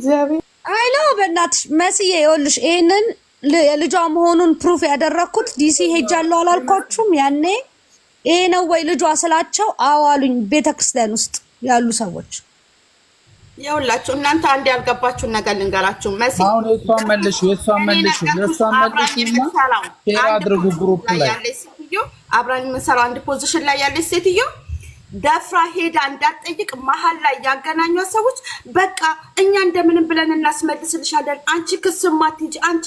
እግዚአብሔር አይ ነው። በእናትሽ መስዬ ይኸውልሽ ይሄንን የልጇ መሆኑን ፕሩፍ ያደረግኩት ዲሲ ሄጃለሁ አላልኳችሁም? ያኔ ይሄ ነው ወይ ልጇ ስላቸው አዋሉኝ። ቤተክርስቲያን ውስጥ ያሉ ሰዎች የሁላችሁ እናንተ አንድ ያልገባችሁን ነገር ልንገራችሁ። መሲ አሁን የእሷን መልሽ፣ የእሷን መልሽ፣ የእሷን መልሽ እና ሼር አድርጉ ግሩፕ ላይ ያለች ሴትዮ አብራን የምንሰራው አንድ ፖዚሽን ላይ ያለች ሴትዮ ደፍራ ሄዳ እንዳትጠይቅ መሀል ላይ ያገናኟት ሰዎች በቃ እኛ እንደምንም ብለን እናስመልስልሻለን፣ አንቺ ክስም አትሄጂ፣ አንቺ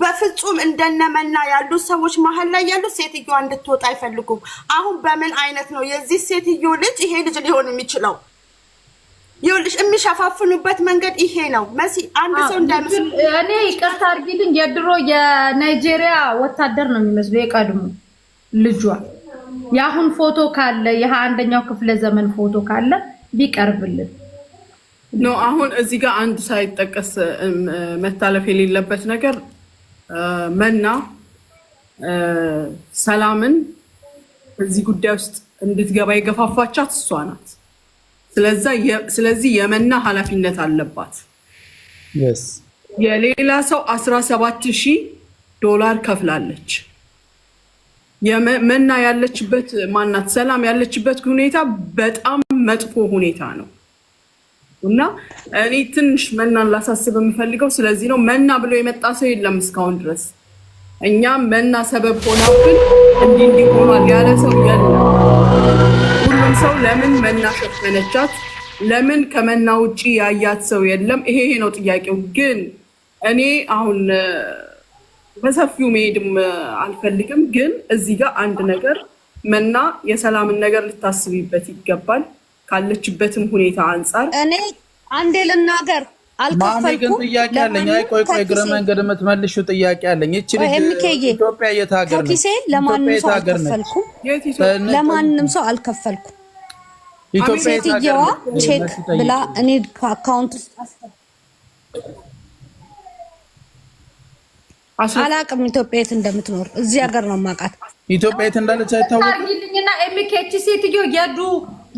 በፍጹም እንደነመና ያሉ ሰዎች መሀል ላይ ያሉ ሴትዮዋ እንድትወጣ አይፈልጉም። አሁን በምን አይነት ነው የዚህ ሴትዮ ልጅ ይሄ ልጅ ሊሆን የሚችለው? ይኸውልሽ የሚሸፋፍኑበት መንገድ ይሄ ነው። መሲ አንድ ሰው እንዳይመስል እኔ ይቅርታ አድርጊልኝ፣ የድሮ የናይጄሪያ ወታደር ነው የሚመስሉ የቀድሞ ልጇ የአሁን ፎቶ ካለ ይህ አንደኛው ክፍለ ዘመን ፎቶ ካለ ቢቀርብልን ኖ አሁን እዚህ ጋር አንድ ሳይጠቀስ መታለፍ የሌለበት ነገር መና ሰላምን እዚህ ጉዳይ ውስጥ እንድትገባ የገፋፋቻት እሷ ናት። ስለዚህ የመና ኃላፊነት አለባት። የሌላ ሰው 17 ሺህ ዶላር ከፍላለች። መና ያለችበት ማናት ሰላም ያለችበት ሁኔታ በጣም መጥፎ ሁኔታ ነው። እና እኔ ትንሽ መናን ላሳስብ የምፈልገው ስለዚህ ነው። መና ብሎ የመጣ ሰው የለም እስካሁን ድረስ እኛም መና ሰበብ ሆናብን እንዲህ እንዲህ ሆኗል ያለ ሰው የለም። ሁሉም ሰው ለምን መና ሸፈነቻት፣ ለምን ከመና ውጭ ያያት ሰው የለም። ይሄ ነው ጥያቄው። ግን እኔ አሁን በሰፊው መሄድም አልፈልግም፣ ግን እዚህ ጋር አንድ ነገር መና የሰላምን ነገር ልታስቢበት ይገባል። ካለችበትም ሁኔታ አንጻር እኔ አንዴ ልናገር አልከፈልኩም። ጥያቄ አለኝ። አይ ቆይ ቆይ፣ እግረ መንገድ የምትመልሺው ጥያቄ አለኝ። እቺ ኢትዮጵያ የት ሀገር ነው? ለማንም ሰው አልከፈልኩም። ለማንም ሰው አልከፈልኩም። ሴትየዋ ቼክ ብላ እኔ ከአካውንት ውስጥ አላቅም። ኢትዮጵያ የት እንደምትኖር እዚህ ሀገር ነው የማውቃት። ኢትዮጵያ የት እንዳለች አይታወቅልኝና ኤምኬች ሴትዮ የዱ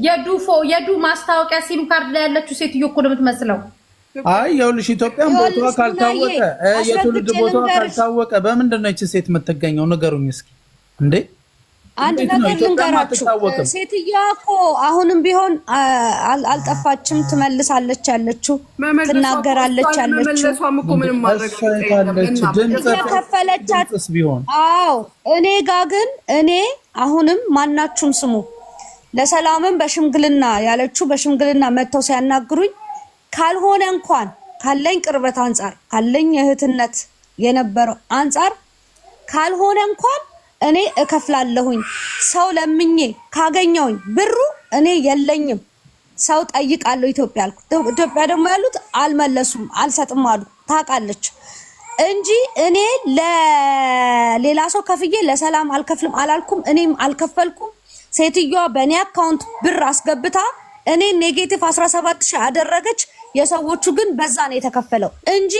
የዱ ፎ የዱ ማስታወቂያ ሲም ካርድ ላይ ያለችው ሴትዮ እኮ ነው የምትመስለው። አይ ይኸውልሽ፣ ኢትዮጵያን ቦታ ካልታወቀ የትውልድ ቦታ ካልታወቀ በምንድን ነው ይቺ ሴት የምትገኘው? ንገሩኝ እስኪ እንዴ አንድ ነገር ልንገራችሁ፣ ሴትዮዋ እኮ አሁንም ቢሆን አልጠፋችም። ትመልሳለች ያለችው ትናገራለች ያለችው አዎ። እኔ ጋ ግን እኔ አሁንም ማናችሁም ስሙ፣ ለሰላምን በሽምግልና ያለችው በሽምግልና መጥተው ሲያናግሩኝ ካልሆነ እንኳን ካለኝ ቅርበት አንጻር ካለኝ እህትነት የነበረው አንጻር ካልሆነ እንኳን እኔ እከፍላለሁኝ። ሰው ለምኜ ካገኘውኝ ብሩ እኔ የለኝም ሰው ጠይቃለሁ። ኢትዮጵያ አልኩ። ኢትዮጵያ ደግሞ ያሉት አልመለሱም፣ አልሰጥም አሉ። ታውቃለች እንጂ እኔ ለሌላ ሰው ከፍዬ ለሰላም አልከፍልም አላልኩም። እኔም አልከፈልኩም። ሴትዮዋ በእኔ አካውንት ብር አስገብታ እኔ ኔጌቲቭ 17 ሺህ አደረገች። የሰዎቹ ግን በዛ ነው የተከፈለው እንጂ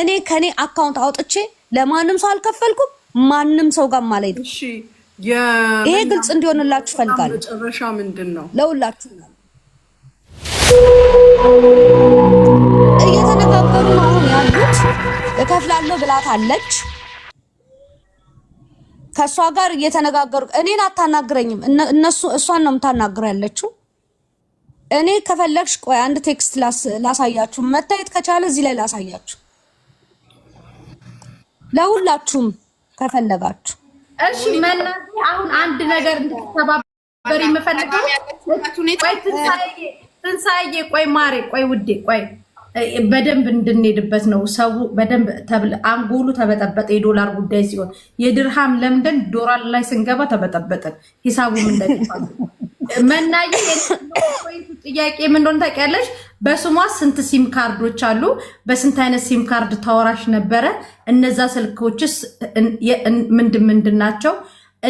እኔ ከኔ አካውንት አውጥቼ ለማንም ሰው አልከፈልኩም። ማንም ሰው ጋር ማለት ይሄ ግልጽ እንዲሆንላችሁ ፈልጋለሁ። መጨረሻ ምንድን ነው ለሁላችሁ እየተነጋገሩ አሁን ያሉት እከፍላለሁ ብላት አለች። ከእሷ ጋር እየተነጋገሩ እኔን አታናግረኝም፣ እነሱ እሷን ነው የምታናግረ ያለችው። እኔ ከፈለግሽ ቆይ አንድ ቴክስት ላሳያችሁ፣ መታየት ከቻለ እዚህ ላይ ላሳያችሁ ለሁላችሁም ከፈለጋችሁ እሺ መናዚ አሁን አንድ ነገር እንድትተባበር የምፈልገው ትንሳኤዬ፣ ቆይ ማሬ፣ ቆይ ውዴ፣ ቆይ በደንብ እንድንሄድበት ነው። ሰው በደንብ አንጎሉ ተበጠበጠ። የዶላር ጉዳይ ሲሆን የድርሃም ለምደን ዶላር ላይ ስንገባ ተበጠበጠን። ሂሳቡም ምን መናየ ጥያቄ ምን እንደሆነ ታውቂያለሽ? በስሟ ስንት ሲም ካርዶች አሉ? በስንት አይነት ሲም ካርድ ታወራሽ ነበረ? እነዛ ስልኮችስ ምንድን ምንድን ናቸው?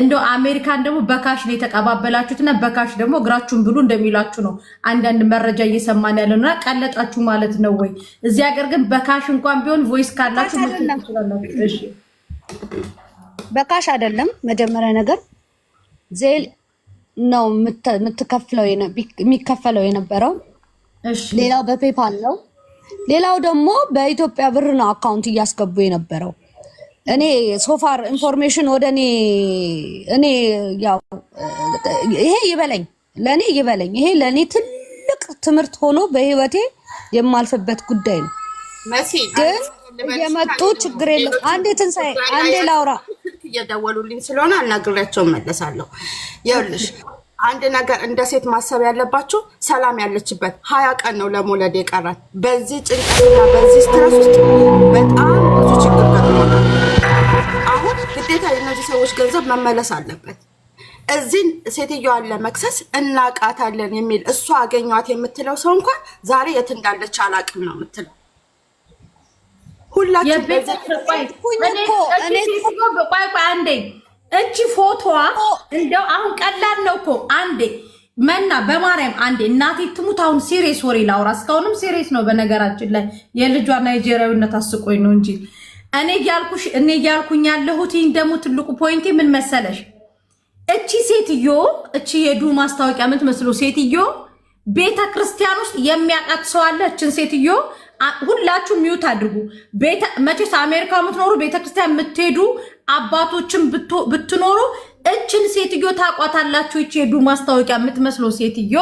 እንደ አሜሪካን ደግሞ በካሽ ነው የተቀባበላችሁት፣ እና በካሽ ደግሞ እግራችሁን ብሉ እንደሚላችሁ ነው አንዳንድ መረጃ እየሰማን ያለና ቀለጣችሁ ማለት ነው ወይ? እዚህ ሀገር ግን በካሽ እንኳን ቢሆን ቮይስ ካላችሁ በካሽ አይደለም መጀመሪያ ነገር ነው የምትከፍለው የሚከፈለው የነበረው። ሌላው በፔፓል ነው። ሌላው ደግሞ በኢትዮጵያ ብር ነው አካውንት እያስገቡ የነበረው። እኔ ሶፋር ኢንፎርሜሽን ወደ እኔ እኔ ያው ይሄ ይበለኝ ለእኔ ይበለኝ። ይሄ ለእኔ ትልቅ ትምህርት ሆኖ በህይወቴ የማልፍበት ጉዳይ ነው። ግን እየመጡ ችግር የለም። አንዴ ትንሳኤ፣ አንዴ ላውራ እየደወሉልኝ ስለሆነ አናግሬያቸው መለሳለሁ። ይኸውልሽ አንድ ነገር እንደ ሴት ማሰብ ያለባችሁ ሰላም ያለችበት ሀያ ቀን ነው ለመውለድ የቀረን። በዚህ ጭንቀትና በዚህ ስትረስ ውስጥ በጣም ብዙ ችግር ገጥሞናል። አሁን ግዴታ የእነዚህ ሰዎች ገንዘብ መመለስ አለበት። እዚህን ሴትዮዋን ለመክሰስ እናቃታለን የሚል እሷ አገኟት የምትለው ሰው እንኳን ዛሬ የት እንዳለች አላቅም ነው የምትለው ሁላችሁ ቆይ አንዴ እቺ ፎቶዋ እንደው አሁን ቀላል ነው እኮ አንዴ መና በማርያም አንዴ እናቴ ትሙት። አሁን ሴሬስ ወሬ ላውራ። እስካሁንም ነው። በነገራችን ላይ የልጇ ናይጄሪያዊነት አስቆኝ ነው እንጂ እኔ እያልኩሽ እኔ እያልኩኝ ያለሁት ደግሞ ትልቁ ፖይንቴ ምን መሰለሽ? እቺ ሴትዮ እቺ የዱ ማስታወቂያ የምትመስለው ሴትዮ ቤተ ክርስቲያን ውስጥ የሚያውቃት ሰው አለ። እችን ሴትዮ ሁላችሁ ሚዩት አድርጉ። መቼስ አሜሪካ የምትኖሩ ቤተክርስቲያን የምትሄዱ አባቶችን ብትኖሩ እችን ሴትዮ ታቋታላችሁ። ይች የዱ ማስታወቂያ የምትመስለው ሴትዮ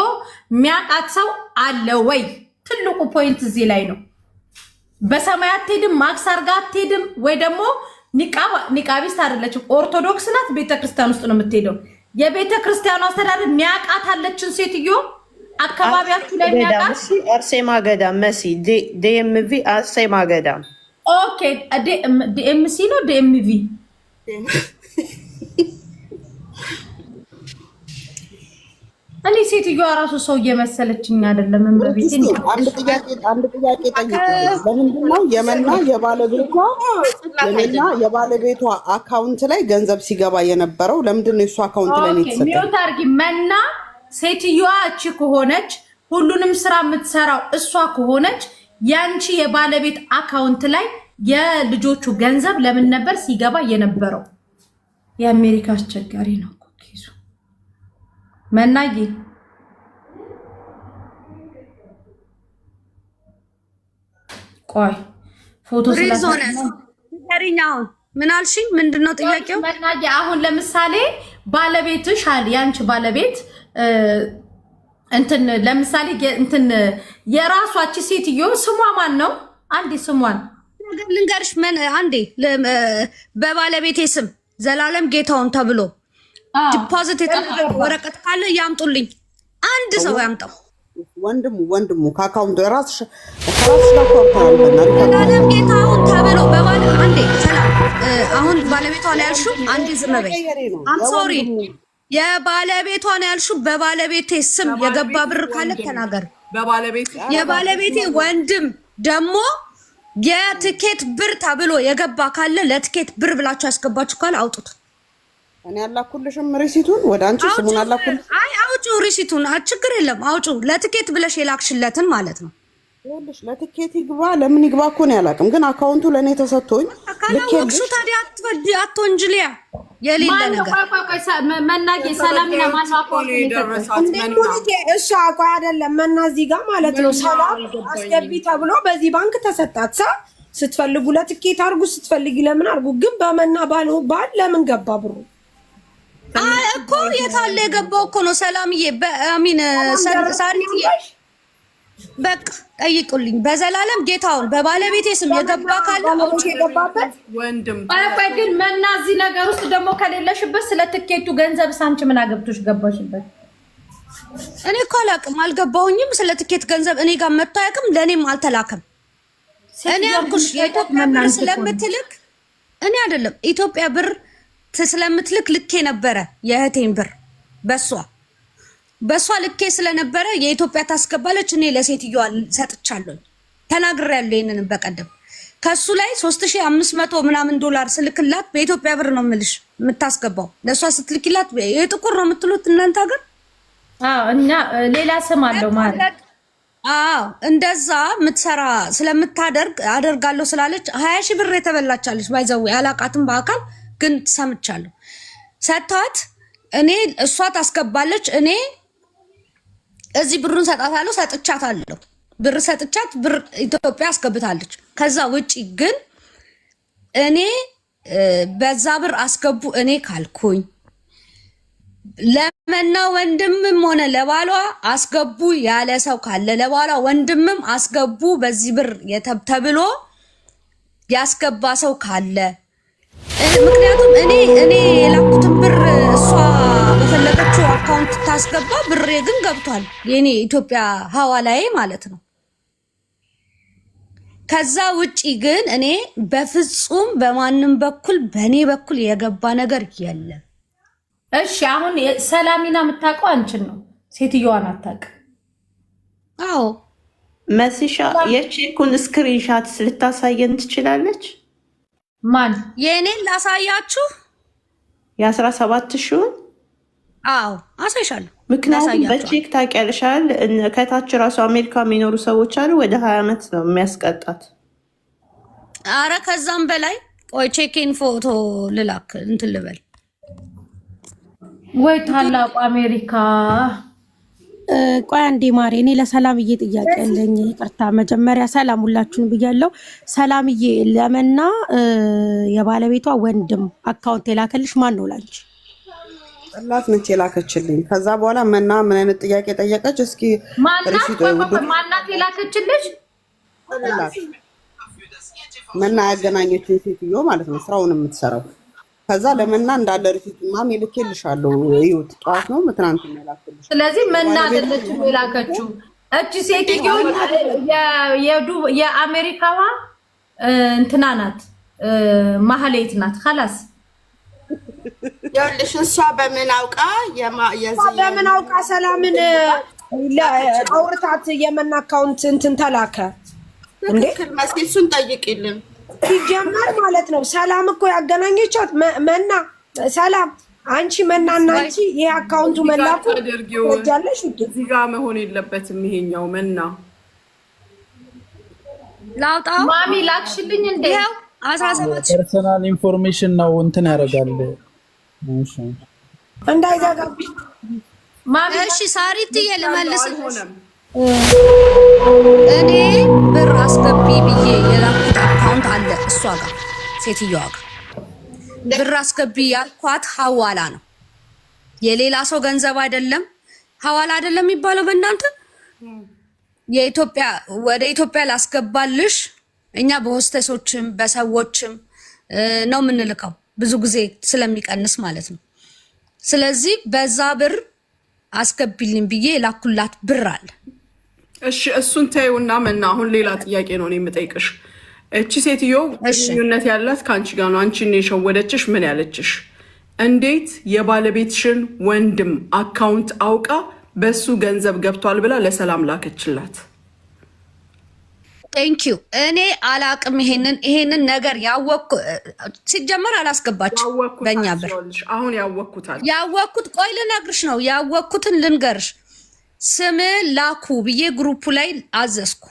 ሚያቃት ሰው አለ ወይ? ትልቁ ፖይንት እዚህ ላይ ነው። በሰማይ አትሄድም፣ ማክስ አርጋ አትሄድም። ወይ ደግሞ ኒቃቢስት አይደለችም፣ ኦርቶዶክስ ናት። ቤተክርስቲያን ውስጥ ነው የምትሄደው። የቤተክርስቲያኑ አስተዳደር ሚያቃት አለችን ሴትዮ አካባቢያችሁ ላይ የሚያውቃት አርሴማ ገዳም መሲ ዲኤምቪ አርሴማ ገዳም ኦኬ ዲኤምሲ ነው ዲኤምቪ እኔ ሴትዮዋ ራሱ ሰው እየመሰለችኝ አይደለም። በቤት አንድ ጥያቄ አንድ ጥያቄ ጠይቃለሁ። ለምንድን ነው የመና የባለቤቷ የባለቤቷ አካውንት ላይ ገንዘብ ሲገባ የነበረው? ለምንድን ነው የእሱ አካውንት ላይ ነው የተሰጠው? ሚውት አድርጊ መና ሴትዮዋ እቺ ከሆነች ሁሉንም ስራ የምትሰራው እሷ ከሆነች ያንቺ የባለቤት አካውንት ላይ የልጆቹ ገንዘብ ለምን ነበር ሲገባ የነበረው? የአሜሪካ አስቸጋሪ ነው ኩኪዙ ኬዙ ቆይ ፎቶ ምን አልሽኝ? ምንድን ነው ጥያቄው? አሁን ለምሳሌ ባለቤትሽ ያንቺ ባለቤት እንትን ለምሳሌ እንትን የራሷች ሴትዮ ስሟ ማን ነው? አንዴ ስሟን ልንገርሽ። ምን አንዴ በባለቤቴ ስም ዘላለም ጌታውን ተብሎ ዲፖዚት የጠፋ ወረቀት ካለ ያምጡልኝ። አንድ ሰው ያምጣው። ወንድሙ ወንድሙ ከአካውንቱ የራስሽ ዘላለም ጌታውን ተብሎ በባለ አንዴ አሁን ባለቤቷ ላይ ያልሽው አንዴ ዝም በይ። አም ሶሪ የባለቤቷን ነው ያልሽው። በባለቤቴ ስም የገባ ብር ካለ ተናገር። የባለቤቴ ወንድም ደግሞ የትኬት ብር ተብሎ የገባ ካለ ለትኬት ብር ብላችሁ ያስገባችሁ ካለ አውጡት። እኔ አላኩልሽም ሪሲቱን፣ ወደ አንቺ ስሙን አላኩል። አይ አውጪው ሪሲቱን፣ ችግር የለም አውጪው። ለትኬት ብለሽ የላክሽለትን ማለት ነው ይኸውልሽ ለትኬት ይግባ ለምን ይግባ እኮ ነው ያላቅም፣ ግን አካውንቱ ለእኔ ተሰጥቶኝ ካላወቅሹ ታዲያ አትወንጅልያ የሌለ ነገር መናጌ ሰላም እሱ አቋ አይደለም መና እዚህ ጋር ማለት ነው። ሰላም አስገቢ ተብሎ በዚህ ባንክ ተሰጣት። ሳ ስትፈልጉ ለትኬት አርጉ፣ ስትፈልጊ ለምን አርጉ። ግን በመና ባል ባል ለምን ገባ ብሩ እኮ የታለ የገባው እኮ ነው ሰላምዬ በአሚን ሳሪትዬ በቃ ጠይቁልኝ። በዘላለም ጌታውን በባለቤቴ ስም የገባ ካለ የገባበት ወንድም ግን መና፣ እዚህ ነገር ውስጥ ደግሞ ከሌለሽበት ስለ ትኬቱ ገንዘብ ሳንቺ ምን አገብቶሽ ገባሽበት? እኔ እኮ አላውቅም፣ አልገባሁኝም። ስለ ትኬት ገንዘብ እኔ ጋር መጥቶ አያውቅም፣ ለእኔም አልተላከም። እኔ አልኩሽ የኢትዮጵያ ብር ስለምትልክ እኔ አይደለም ኢትዮጵያ ብር ስለምትልክ ልኬ ነበረ የእህቴን ብር በሷ በእሷ ልኬ ስለነበረ የኢትዮጵያ ታስገባለች። እኔ ለሴትዮዋ ሰጥቻለሁ፣ ተናግሬያለሁ። ይህንን በቀደም ከሱ ላይ ሶስት ሺህ አምስት መቶ ምናምን ዶላር ስልክላት በኢትዮጵያ ብር ነው ምልሽ የምታስገባው ለእሷ ስትልኪላት የጥቁር ነው የምትሉት እናንተ ሀገር እና ሌላ ስም አለው ማለት አዎ እንደዛ የምትሰራ ስለምታደርግ አደርጋለሁ ስላለች ሀያ ሺህ ብር የተበላቻለች ባይዘዌ አላቃትም በአካል ግን ሰምቻለሁ ሰታት እኔ እሷ ታስገባለች እኔ እዚህ ብሩን ሰጣታለሁ፣ ሰጥቻታለሁ። ብር ሰጥቻት ብር ኢትዮጵያ አስገብታለች። ከዛ ውጪ ግን እኔ በዛ ብር አስገቡ እኔ ካልኩኝ ለመና ወንድምም ሆነ ለባሏ አስገቡ ያለ ሰው ካለ ለባሏ ወንድምም አስገቡ በዚህ ብር ተብሎ ያስገባ ሰው ካለ ምክንያቱም እኔ እኔ የላኩትን ብር እሷ በፈለገችው አካውንት ታስገባ። ብሬ ግን ገብቷል፣ የኔ ኢትዮጵያ ሀዋላዬ ማለት ነው። ከዛ ውጪ ግን እኔ በፍጹም በማንም በኩል በእኔ በኩል የገባ ነገር የለም። እሺ አሁን ሰላሚና የምታውቀው አንቺን ነው፣ ሴትዮዋን አታውቅም። አዎ መስሻ የቼኩን ስክሪንሻት ልታሳየን ትችላለች? ማን የእኔን ላሳያችሁ የአስራ ሰባት ሺውን አዎ አሳይሻለሁ። ምክንያቱም በቼክ ታውቂያለሻል። ከታች ራሱ አሜሪካ የሚኖሩ ሰዎች አሉ ወደ ሀያ ዓመት ነው የሚያስቀጣት። አረ ከዛም በላይ ቆይ ቼኬን ፎቶ ልላክ እንትን ልበል ወይ ታላቁ አሜሪካ ቆይ አንዴ ማሬ፣ እኔ ለሰላምዬ ጥያቄ አለኝ። ይቅርታ መጀመሪያ ሰላም ሁላችሁን ብያለው። ሰላምዬ ለመና የባለቤቷ ወንድም አካውንት የላከልሽ ማን ነው ላንቺ? ጥላት ነች የላከችልኝ። ከዛ በኋላ መና ምን አይነት ጥያቄ ጠየቀች? እስኪ ማናት የላከችልሽ? መና ያገናኘችን ሴትዮ ማለት ነው፣ ስራውን የምትሰራው ከዛ ለመና እንዳለ ሪሲት ምናምን ይልኬልሻለሁ። ይኸውት ጠዋት ነው ትናንት የላክልሽ። ስለዚህ መና አይደለችም የላከችው እቺ ሴትዮ የአሜሪካዋ እንትና ናት፣ ማህሌት ናት። ከላስ ይኸውልሽ እሷ በምን አውቃ በምን አውቃ ሰላምን አውርታት የመን አካውንት እንትን ተላከ። ትክክል መሲ፣ እሱን ጠይቂልን። ሲጀመር ማለት ነው ሰላም እኮ ያገናኘቻት መና ሰላም አንቺ መናና አንቺ ይሄ አካውንቱ መላኩ ጃለሽ እዚህ ጋ መሆን የለበትም። ይሄኛው መና ላውጣው ማሚ ላክሽልኝ እንዴ ፐርሰናል ኢንፎርሜሽን ነው እንትን ያደርጋል እንዳይዘጋብሽ እሺ ሳሪትዬ ልመልስልሽ። እኔ ብር አስገቢ ብዬ የላኩት አካውንት አለ እሷ ጋር ሴትዮዋ ጋር ብር አስገቢ ያልኳት ሀዋላ ነው የሌላ ሰው ገንዘብ አይደለም። ሀዋላ አይደለም የሚባለው በእናንተ የኢትዮጵያ ወደ ኢትዮጵያ ላስገባልሽ። እኛ በሆስተሶችም በሰዎችም ነው የምንልከው ብዙ ጊዜ ስለሚቀንስ ማለት ነው። ስለዚህ በዛ ብር አስገቢልኝ ብዬ የላኩላት ብር አለ። እሺ እሱን ተይውና መና፣ አሁን ሌላ ጥያቄ ነው የምጠይቅሽ። እቺ ሴትዮ ግንኙነት ያላት ከአንቺ ጋር ነው። አንቺን የሸወደችሽ ምን ያለችሽ? እንዴት የባለቤትሽን ወንድም አካውንት አውቃ በሱ ገንዘብ ገብቷል ብላ ለሰላም ላከችላት? ቴንክ እኔ አላቅም ይሄንን ይሄንን ነገር ያወቅኩ ሲጀመር አላስገባችም በእኛ ብር። አሁን ያወቅኩታል። ያወቅኩት ቆይ ልነግርሽ ነው። ያወቅኩትን ልንገርሽ። ስም ላኩ ብዬ ግሩፑ ላይ አዘዝኩ።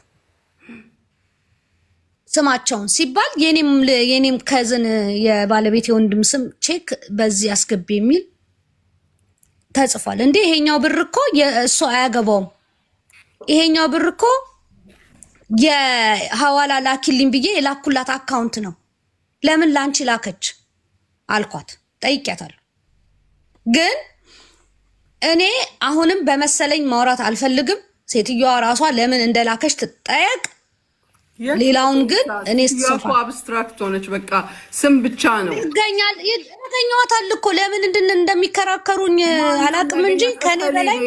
ስማቸውን ሲባል የኔም ከዝን የባለቤት የወንድም ስም ቼክ በዚህ አስገቢ የሚል ተጽፏል። እንዴ ይሄኛው ብር እኮ እሱ አያገባውም። ይሄኛው ብር እኮ የሐዋላ ላኪልኝ ብዬ የላኩላት አካውንት ነው። ለምን ላንቺ ላከች አልኳት፣ ጠይቄያታለሁ። ግን እኔ አሁንም በመሰለኝ ማውራት አልፈልግም። ሴትዮዋ ራሷ ለምን እንደላከች ትጠየቅ። ሌላውን ግን እኔ አብስትራክት ሆነች። በቃ ስም ብቻ ነው ይገኛል። ተኛዋታል እኮ ለምን እንድን እንደሚከራከሩኝ አላቅም እንጂ ከኔ በላይ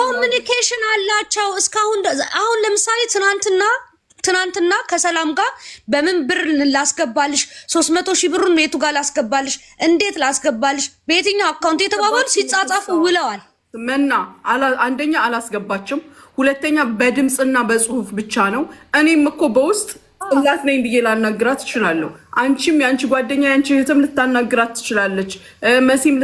ኮሚኒኬሽን አላቸው። እስካሁን አሁን ለምሳሌ ትናንትና ትናንትና ከሰላም ጋር በምን ብር ላስገባልሽ፣ ሶስት መቶ ሺህ ብሩን ቤቱ ጋር ላስገባልሽ፣ እንዴት ላስገባልሽ፣ በየትኛው አካውንት የተባባሉ ሲጻጻፉ ውለዋል። መና አንደኛ አላስገባችም ሁለተኛ በድምፅና በጽሁፍ ብቻ ነው። እኔም እኮ በውስጥ ጥላት ነኝ ብዬ ላናግራት እችላለሁ። አንቺም የአንቺ ጓደኛ የአንቺ እህትም ልታናግራት ትችላለች። መሲም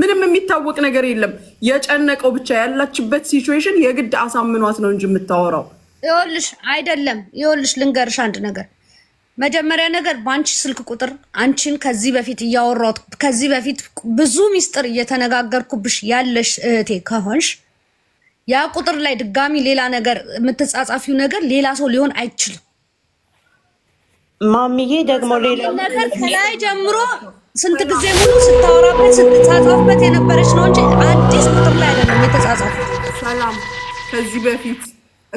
ምንም የሚታወቅ ነገር የለም። የጨነቀው ብቻ ያላችበት ሲቹዌሽን የግድ አሳምኗት ነው እንጂ የምታወራው ይኸውልሽ፣ አይደለም ይኸውልሽ፣ ልንገርሽ አንድ ነገር መጀመሪያ ነገር በአንቺ ስልክ ቁጥር አንቺን ከዚህ በፊት እያወራሁት ከዚህ በፊት ብዙ ሚስጥር እየተነጋገርኩብሽ ያለሽ እህቴ ከሆንሽ ያ ቁጥር ላይ ድጋሚ ሌላ ነገር የምትጻጻፊው ነገር ሌላ ሰው ሊሆን አይችልም። ማሚዬ ደግሞ ሌላ ነገር ከላይ ጀምሮ ስንት ጊዜ ሙሉ ስታወራበት ስትጻጻፍበት የነበረች ነው እንጂ አዲስ ቁጥር ላይ አይደለም የተጻጻፉት። ሰላም ከዚህ በፊት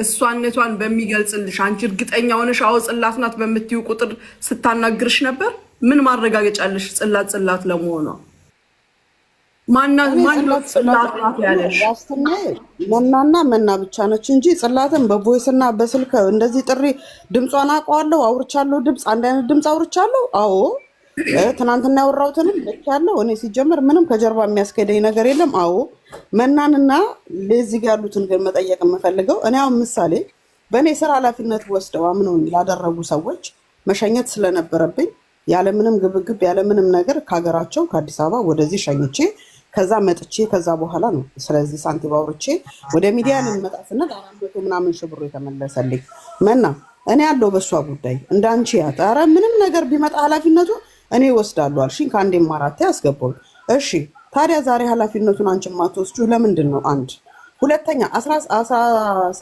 እሷነቷን በሚገልጽልሽ አንቺ እርግጠኛ ሆነሽ አዎ ጽላት ናት በምትዩ ቁጥር ስታናግርሽ ነበር። ምን ማረጋገጫ ጽላት ጽላት ለመሆኗ? ዋስትና መናና መና ብቻ ነች እንጂ ጽላትን በቮይስ እና በስልክ እንደዚህ ጥሪ ድምጿን አውቀዋለሁ። አውርቻለሁ። ድምፅ አንድ አይነት ድምፅ አውርቻለሁ። አዎ ትናንትና ያወራሁትንም ያለው እኔ ሲጀምር ምንም ከጀርባ የሚያስኬደኝ ነገር የለም። አዎ መናንና ለዚህ ጋር ያሉትን ግን መጠየቅ የምፈልገው እኔ አሁን ምሳሌ በእኔ ስራ ኃላፊነት ወስደው ላደረጉ ሰዎች መሸኘት ስለነበረብኝ ያለምንም ግብግብ ያለምንም ነገር ከሀገራቸው ከአዲስ አበባ ወደዚህ ሸኝቼ ከዛ መጥቼ ከዛ በኋላ ነው ስለዚህ ሳንቲም አውርቼ ወደ ሚዲያ ልንመጣትና አራት ምናምን ሺህ የተመለሰልኝ መና እኔ ያለው በእሷ ጉዳይ እንዳንቺ ያት ኧረ ምንም ነገር ቢመጣ ኃላፊነቱ እኔ ይወስዳሉ አልሽኝ። ከአንዴም አራቴ አስገባሁኝ። እሺ ታዲያ ዛሬ ኃላፊነቱን አንቺ የማትወስጂው ለምንድን ነው? አንድ ሁለተኛ አስራ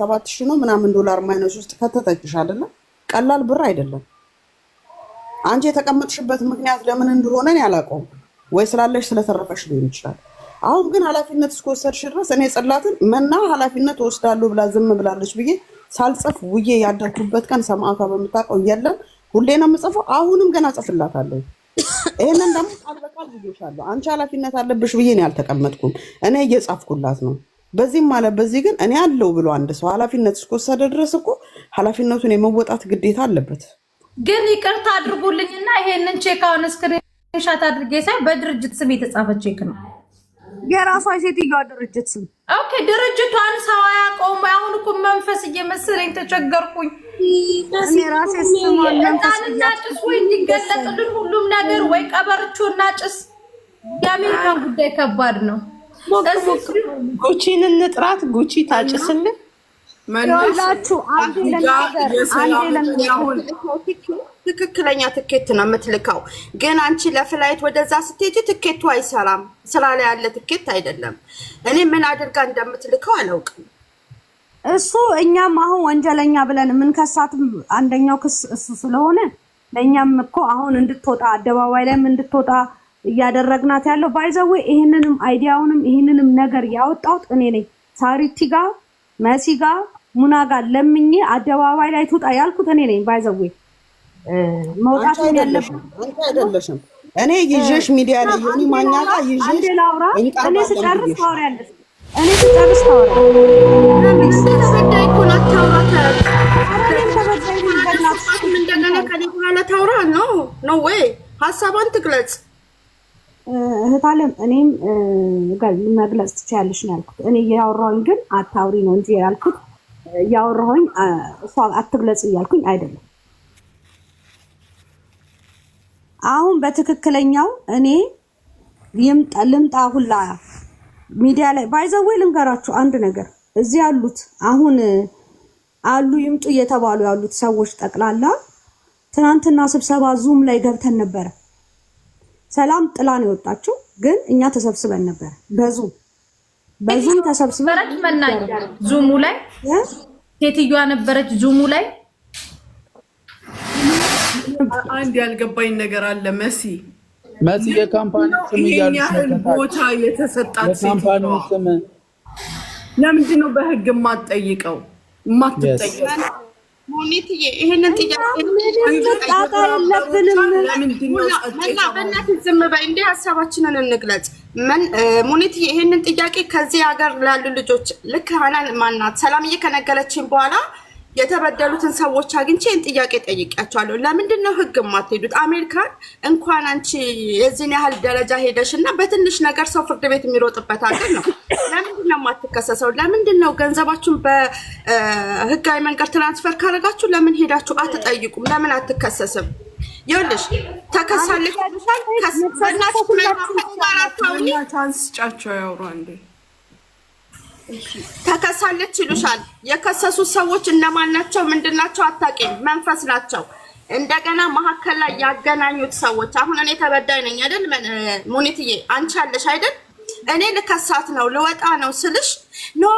ሰባት ሺህ ነው ምናምን ዶላር ማይነስ ውስጥ ከተተችሽ አይደለም፣ ቀላል ብር አይደለም። አንቺ የተቀመጥሽበት ምክንያት ለምን እንደሆነ እኔ አላውቀውም። ወይ ስላለሽ ስለተረፈሽ ሊሆን ይችላል። አሁን ግን ኃላፊነት እስከወሰድሽ ድረስ እኔ ጽላትን መና ኃላፊነት ወስዳለሁ ብላ ዝም ብላለች ብዬ ሳልጽፍ ውዬ ያደርኩበት ቀን ሰማዕቷ በምታውቀው የለም። ሁሌ ነው የምጽፈው። አሁንም ገና ጽፍላታለሁ። ይህንን ደግሞ ቃል በቃል ብዬሻለሁ። አንቺ ኃላፊነት አለብሽ ብዬ ነው ያልተቀመጥኩም። እኔ እየጻፍኩላት ነው። በዚህም አለ በዚህ ግን እኔ አለው ብሎ አንድ ሰው ኃላፊነት እስከወሰደ ድረስ እኮ ኃላፊነቱን የመወጣት ግዴታ አለበት። ግን ይቅርታ አድርጉልኝና ይሄንን ቼክ አሁን እስክሪን ሻት አድርጌ ሳይ በድርጅት ስም የተጻፈ ቼክ ነው። የራሷ ሴትዮዋ ድርጅት ስም። ኦኬ፣ ድርጅቷን ሰው አያውቀውም። አሁን እኮ መንፈስ እየመሰለኝ ተቸገርኩኝ። ጣንና ጭስ ወይ እንዲገለጥልን ሁሉም ነገር ወይ ቀበርቾና ጭስ። የአሜሪካን ጉዳይ ከባድ ነው። ጉቺን እንጥራት። ጉቺ ታጭስልን ትክክለኛ ትኬት ነው የምትልከው። ግን አንቺ ለፍላይት ወደዛ ስትሄጂ ትኬቱ አይሰራም። ስራ ላይ ያለ ትኬት አይደለም። እኔ ምን አድርጋ እንደምትልከው አላውቅም። እሱ እኛም አሁን ወንጀለኛ ብለን የምንከሳትም አንደኛው ክስ እሱ ስለሆነ ለእኛም እኮ አሁን እንድትወጣ አደባባይ ላይም እንድትወጣ እያደረግናት ያለው ባይዘዌ ይህንንም አይዲያውንም ይህንንም ነገር ያወጣሁት እኔ ነኝ ሳሪቲ ጋር መሲ ጋር ሙና ጋር ለምኝ አደባባይ ላይ ትውጣ ያልኩት እኔ ነኝ። ባይዘዌ መውጣት አይደለሽም። እኔ ይዤሽ ሚዲያ ላይ ዮኒ ማኛ ጋር ይዤሽ ላውራ። እኔ ስጨርስ ታወሪያለሽ። እኔ ስጨርስ ታወሪያለሽ። ተበዳይ ከኔ በኋላ ታውራ ነው ነው ወይ ሀሳቧን ትግለጽ እህት አለም እኔም መግለጽ ትችያለሽ ነው ያልኩት። እኔ እያወራሁኝ ግን አታውሪ ነው እንጂ ያልኩት እያወራሁኝ እሷ አትግለጽ እያልኩኝ አይደለም። አሁን በትክክለኛው እኔ ልምጣ ሁላ ሚዲያ ላይ ባይዘዌ ልንገራችሁ አንድ ነገር እዚህ ያሉት አሁን አሉ ይምጡ እየተባሉ ያሉት ሰዎች ጠቅላላ ትናንትና ስብሰባ ዙም ላይ ገብተን ነበረ ሰላም ጥላ ነው የወጣችው። ግን እኛ ተሰብስበን ነበር በዙም በዙም ተሰብስበን መናገር ዙሙ ላይ ሴትዮዋ ነበረች ዙሙ ላይ አንድ ያልገባኝ ነገር አለ። መሲ መሲ የካምፓኒ ስም ይሄን ያህል ቦታ የተሰጣት ሴትዮዋ ለምንድነው በህግ የማትጠይቀው የማትጠይቀው? ሁኔትዬ ይሄንን ጥያቄ ዝም በይ። እንዲህ ሀሳባችንን እንግለጽ። ሙኒትዬ ይህንን ጥያቄ ከዚህ ሀገር ላሉ ልጆች ልክ ሀናን ማናት ሰላምዬ ከነገረችን በኋላ የተበደሉትን ሰዎች አግኝቼ ጥያቄ ጠይቂያቸዋለሁ። ለምንድን ነው ህግ የማትሄዱት? አሜሪካን እንኳን አንቺ የዚህን ያህል ደረጃ ሄደሽ እና በትንሽ ነገር ሰው ፍርድ ቤት የሚሮጥበት ሀገር ነው። ለምንድን ነው የማትከሰሰው? ለምንድን ነው ገንዘባችሁን በህጋዊ መንገድ ትራንስፈር ካደረጋችሁ ለምን ሄዳችሁ አትጠይቁም? ለምን አትከሰስም? ይኸውልሽ ተከሳለች ቻንስ ጫቸው ያውሩ አንዴ ተከሳለች ይሉሻል። የከሰሱት ሰዎች እነማን ናቸው? ምንድን ናቸው? አታውቂም። መንፈስ ናቸው። እንደገና መሀከል ላይ ያገናኙት ሰዎች። አሁን እኔ ተበዳይ ነኝ አይደል? ሙኒትዬ አንቺ አለሽ አይደል? እኔ ልከሳት ነው ልወጣ ነው ስልሽ፣ ኖ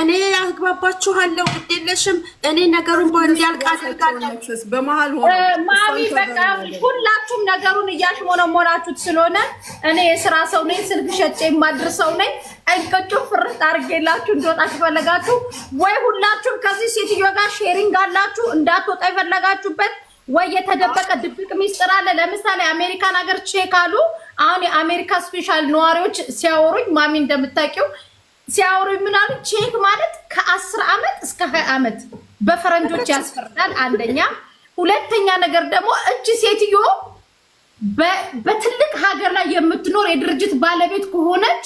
እኔ አግባባችኋለሁ፣ ግድ የለሽም እኔ ነገሩን በወንድ ያልቅ አድርጋለማሚ በቃ ሁላችሁም ነገሩን እያሽሞነሞናችሁት ስለሆነ እኔ የስራ ሰው ነኝ፣ ስልክ ሸጬ የማድር ሰው ነኝ። እንቅጩ ፍርት አድርጌላችሁ እንደወጣ ከፈለጋችሁ ወይ ሁላችሁም ከዚህ ሴትዮ ጋር ሼሪንግ አላችሁ እንዳትወጣ የፈለጋችሁበት ወይ የተደበቀ ድብቅ ሚስጥር አለ። ለምሳሌ አሜሪካን ሀገር ቼክ አሉ አሁን የአሜሪካ ስፔሻል ነዋሪዎች ሲያወሩኝ ማሚ እንደምታውቂው ሲያወሩ ምናሉ ቼክ ማለት ከአስር ዓመት እስከ ሀያ ዓመት በፈረንጆች ያስፈርዳል። አንደኛ ሁለተኛ ነገር ደግሞ እጅ ሴትዮ በትልቅ ሀገር ላይ የምትኖር የድርጅት ባለቤት ከሆነች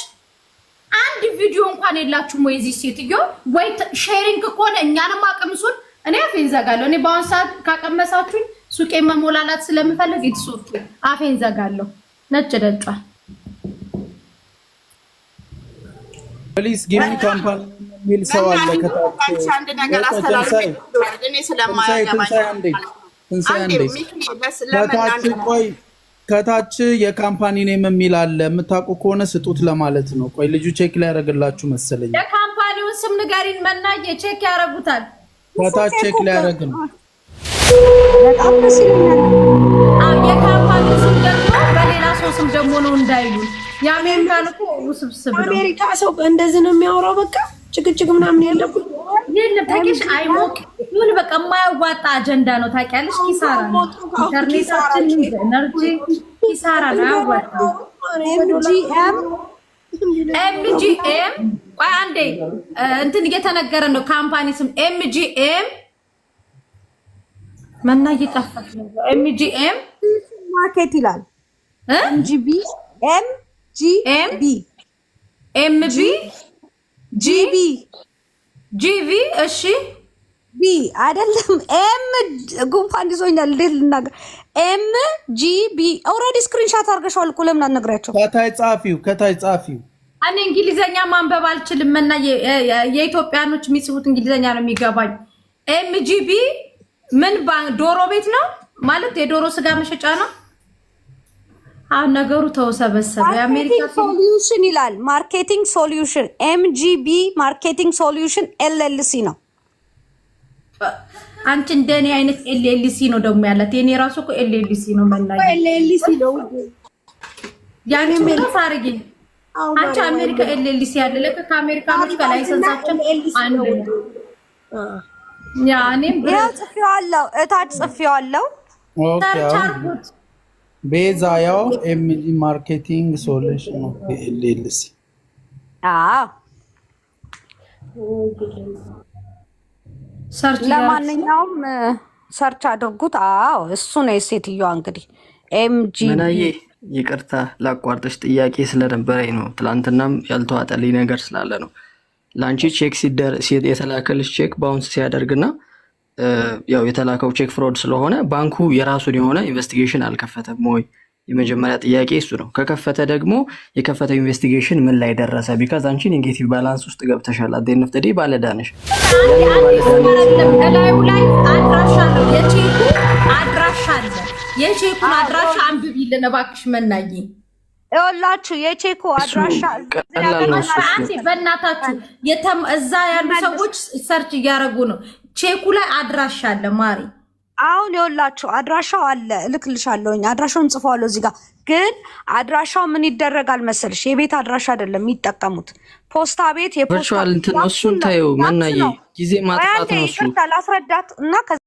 አንድ ቪዲዮ እንኳን የላችሁም ወይ? እዚህ ሴትዮ ወይ ሼሪንግ ከሆነ እኛንም አቅምሱን። እኔ አፌን ዘጋለሁ። እኔ በአሁን ሰዓት ካቀመሳችሁኝ ሱቄ መሞላላት ስለምፈልግ ኢትሶ አፌን ዘጋለሁ። ነጭ ደጫ ፕሊስ ጊሚ ካምፓኒ የሚል ሰው አለ ከታች። ቆይ ከታች የካምፓኒ ኔም የሚል አለ የምታውቁ ከሆነ ስጡት ለማለት ነው። ቆይ ልጁ ቼክ ሊያደርግላችሁ መሰለኝ። የካምፓኒውን ስም ንገሪን መናየ ቼክ ያደርጉታል። ከታች ቼክ ሊያደርግ ነው። ስም ደግሞ ነው እንዳይሉን። የአሜሪካን እኮ ውስብስብ ነው። አሜሪካ ሰው እንደዚህ ነው የሚያወራው። በቃ ጭቅጭቅ ምናምን ያለኩት የለም ታውቂያለሽ። አይሞቅ ይሁን በቃ የማያዋጣ አጀንዳ ነው ታውቂያለሽ። ኪሳራ ነው፣ ኢንተርኔታችን ኤነርጂ ኪሳራ ነው። ያዋጣ ኤምጂኤም ቆይ አንዴ እንትን እየተነገረ ነው። ካምፓኒ ስም ኤምጂኤም መና እየጠፋች ነው። ኤምጂኤም ማርኬት ይላል ጂቢ ኤም ጂቢ ኤም ቢ ጂቢ ጂቪ እሺ ቢ አይደለም ኤም ጉንፋን ይዞኛል። እንዴት ልናገር? ኤም ጂቢ ኦልሬዲ ስክሪንሻት አድርገሻል እኮ ለምን አልነግራቸው? ከታይ ጻፊው፣ ከታይ ጻፊው። እኔ እንግሊዘኛ ማንበብ አልችልም እና የኢትዮጵያኖች የሚጽፉት እንግሊዘኛ ነው የሚገባኝ። ኤም ጂቢ ምን ዶሮ ቤት ነው ማለት የዶሮ ስጋ መሸጫ ነው። አሁን ነገሩ ተወሰበሰበ። የአሜሪካ ሶሉሽን ይላል። ማርኬቲንግ ሶሉሽን ኤምጂቢ ማርኬቲንግ ሶሉሽን ኤልኤልሲ ነው። አንቺ እንደኔ አይነት ኤልኤልሲ ነው ደግሞ ያላት። የኔ ራሱ እኮ ኤልኤልሲ ነው መናኝ ኤልኤልሲ ነው። ያኔ ምን ታርጊ? አንቺ አሜሪካ ኤልኤልሲ ያለ ለከ ከአሜሪካ ልጅ ከላይሰንሳቸው አንድ ያኔ ያው ጽፌዋለሁ፣ እታች ጽፌዋለሁ። ሰርች አድርጉት ቤዛ ያው ኤምጂ ማርኬቲንግ ሶሉሽን ኤልኤልሲ። ለማንኛውም ሰርች አድርጉት። አዎ እሱ ነው የሴትዮዋ እንግዲህ ኤምጂ። ይቅርታ ላቋርጥሽ፣ ጥያቄ ስለነበረኝ ነው። ትላንትናም ያልተዋጠልኝ ነገር ስላለ ነው። ለአንቺ ቼክ የተላከልሽ ቼክ ባውንስ ሲያደርግና ያው የተላከው ቼክ ፍሮድ ስለሆነ ባንኩ የራሱን የሆነ ኢንቨስቲጌሽን አልከፈተም ወይ? የመጀመሪያ ጥያቄ እሱ ነው። ከከፈተ ደግሞ የከፈተው ኢንቨስቲጌሽን ምን ላይ ደረሰ? ቢካዝ አንቺ ኔጌቲቭ ባላንስ ውስጥ ገብተሻል። አደነፍ ተዴ ባለዳነሽ ከላዩ ላይ አድራሻ ነው የቼኩ አድራሻ አለ። የቼኩን አድራሻ አንብቢልን እባክሽ መናዬ ይኸውላችሁ የቼኮ አድራሻ በእናታችሁ እዛ ያሉ ሰዎች ሰርች እያደረጉ ነው። ቼኩ ላይ አድራሻ አለ ማሪ አሁን ይኸውላችሁ አድራሻው አለ፣ እልክልሻለሁኝ። አድራሻውን ጽፈዋለሁ እዚህ ጋር። ግን አድራሻው ምን ይደረጋል መሰልሽ? የቤት አድራሻ አይደለም የሚጠቀሙት፣ ፖስታ ቤት የፖስታ ቤት እሱን ታየው መናየ ጊዜ ማጥፋት ነው። እሱ ላስረዳት እና